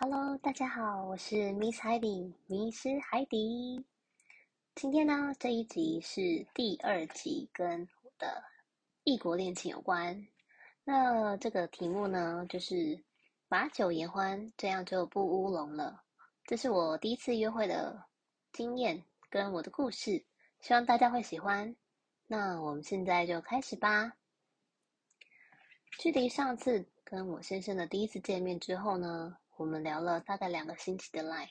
Hello，大家好，我是 Miss 海底迷失海底。今天呢，這一集是第二集，跟我的異國戀情有關。那這個題目呢，就是把酒言歡，這樣就不烏龍了。這是我第一次約會的經驗跟我的故事，希望大家會喜歡。那我們現在就開始吧。距離上次跟我先生的第一次見面之後呢，我們聊了大概兩個星期的 LINE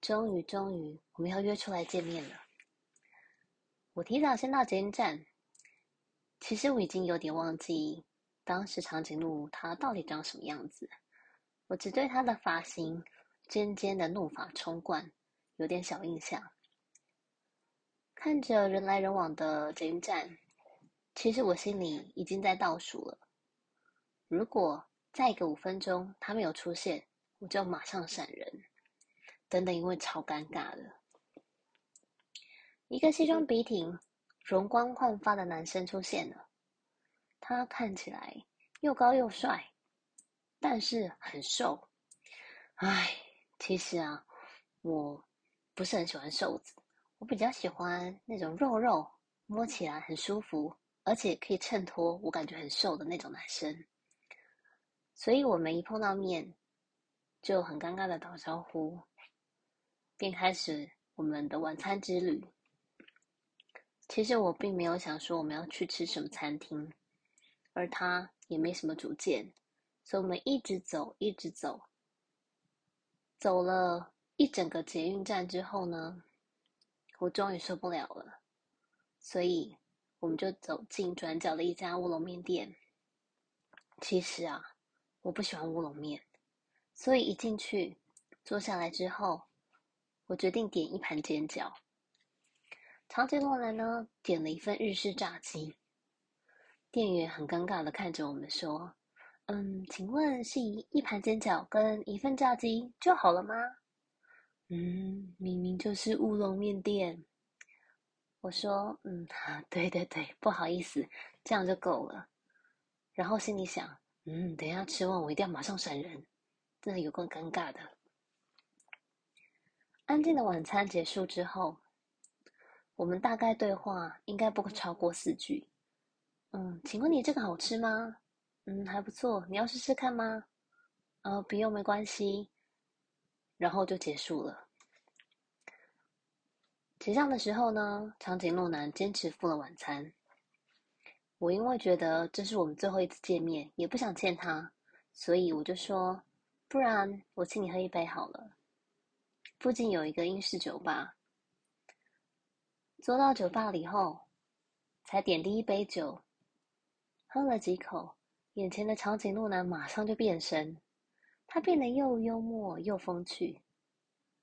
終於，終於，我們要約出來見面了。我提早先到捷運站。其實我已經有點忘記當時長頸鹿它到底長什麼樣子，我只對它的髮型尖尖的怒髮衝冠有點小印象。看着人來人往的捷運站，其實我心裡已經在倒數了。如果再一個五分鐘它沒有出現，我就馬上閃人，等等，因為超尷尬的。一個西裝筆挺、容光煥發的男生出現了，他看起來又高又帥，但是很瘦。唉，其實啊，我不是很喜歡瘦子，我比較喜歡那種肉肉，摸起來很舒服，而且可以襯托我感覺很瘦的那種男生。所以我們一碰到面，就很尷尬的打招呼，便開始我們的晚餐之旅。其實我並沒有想說我們要去吃什麼餐廳，而他也沒什麼主見，所以我們一直走，一直走，走了一整個捷運站之後呢，我終於受不了了，所以我們就走進轉角的一家烏龍麵店。其實啊，我不喜歡烏龍麵。所以一進去坐下來之後，我決定點一盤煎餃。長頸鹿男呢點了一份日式炸雞。店員很尷尬的看着我們說：“嗯，請問是一一盤煎餃跟一份炸雞就好了嗎？”嗯，明明就是烏龍麵店。我說：“嗯、啊，對對對，不好意思，這樣就夠了。”然後心裡想：“嗯，等一下吃完我一定要馬上閃人。”真的有夠尷尬的。安靜的晚餐結束之後，我們大概對話應該不超過四句。嗯，請問你這個好吃嗎？嗯，還不錯，你要試試看嗎？呃，不用沒關係。然後就結束了。結賬的時候呢，長頸鹿男堅持付了晚餐。我因為覺得這是我們最後一次見面，也不想欠他，所以我就說。不然，我請你喝一杯好了。附近有一個英式酒吧。坐到酒吧裡後，才點第一杯酒，喝了幾口，眼前的長頸鹿男馬上就變身，他變得又幽默又風趣，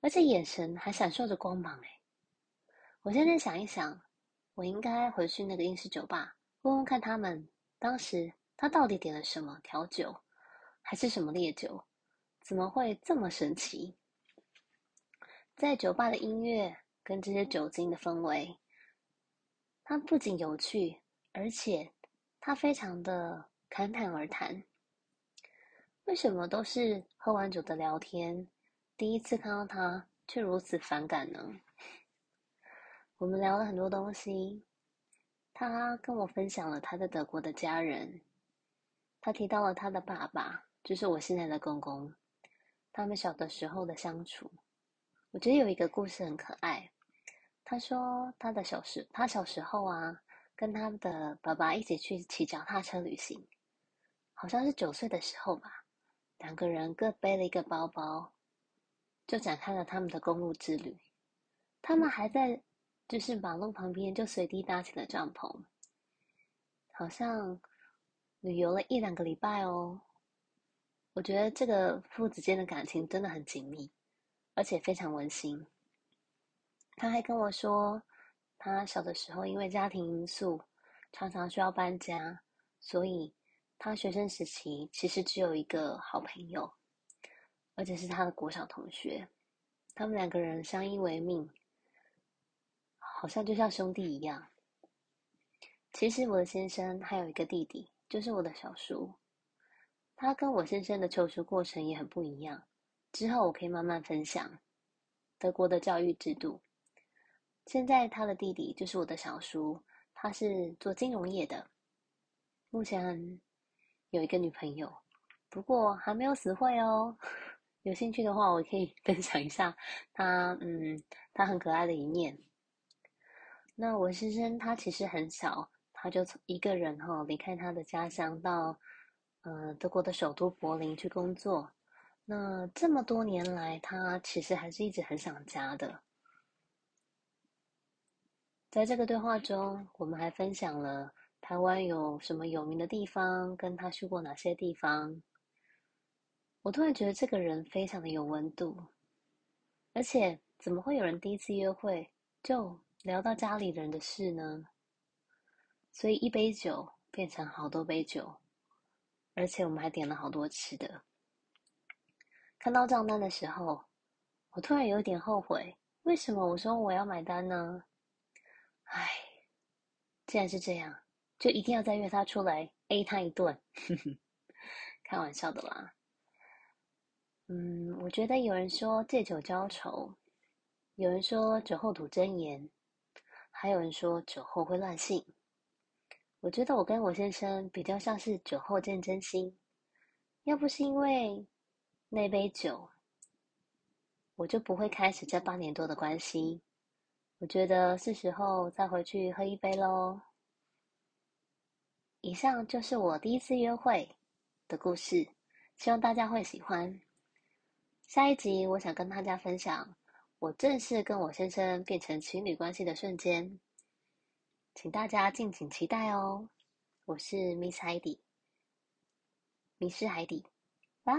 而且眼神還閃爍着光芒。哎，我現在想一想，我應該回去那個英式酒吧問問看，他們當時他到底點了什麼調酒，還是什麼烈酒？怎麼會這麼神奇？在酒吧的音樂跟這些酒精的氛圍，他不僅有趣，而且他非常的侃侃而談。為什麼都是喝完酒的聊天，第一次看到他卻如此反感呢？我們聊了很多東西，他跟我分享了他在德國的家人，他提到了他的爸爸，就是我現在的公公。他們小的時候的相處，我覺得有一個故事很可愛。他說他的小時，他小時候啊，跟他的爸爸一起去騎腳踏車旅行，好像是九歲的時候吧。兩個人各背了一個包包，就展開了他們的公路之旅。他們還在就是馬路旁邊就隨地搭起了帳篷，好像旅遊了一兩個禮拜哦。我覺得這個父子間的感情真的很緊密，而且非常溫馨。他還跟我說，他小的時候因為家庭因素，常常需要搬家，所以他學生時期其實只有一個好朋友，而且是他的國小同學。他們兩個人相依為命，好像就像兄弟一樣。其實我的先生還有一個弟弟，就是我的小叔。他跟我先生的求學過程也很不一樣，之後我可以慢慢分享德國的教育制度。現在他的弟弟就是我的小叔，他是做金融業的，目前有一個女朋友，不過還沒有死會哦。有興趣的話，我可以分享一下他，嗯，他很可愛的一面。那我先生他其實很小，他就從一個人哈離開他的家鄉到。呃，德國的首都柏林去工作。那這麼多年來，他其實還是一直很想家的。在這個對話中，我們還分享了台灣有什麼有名的地方，跟他去過哪些地方。我突然覺得這個人非常的有溫度，而且怎麼會有人第一次約會就聊到家裡人的事呢？所以一杯酒變成好多杯酒。而且我們還點了好多吃的，看到賬單的時候，我突然有點後悔，為什麼我說我要買單呢？唉，既然是這樣，就一定要再約他出來 A 他一頓。哼哼，開玩笑的啦。嗯，我覺得有人說借酒澆愁，有人說酒後吐真言，還有人說酒後會亂性。我覺得我跟我先生比較像是酒後見真心，要不是因為那杯酒，我就不會開始這八年多的關係。我覺得是時候再回去喝一杯嘍。以上就是我第一次約會的故事，希望大家會喜歡。下一集我想跟大家分享我正式跟我先生變成情侶關係的瞬間。請大家敬請期待哦！我是 Miss Heidi e i 迷失海底，拜。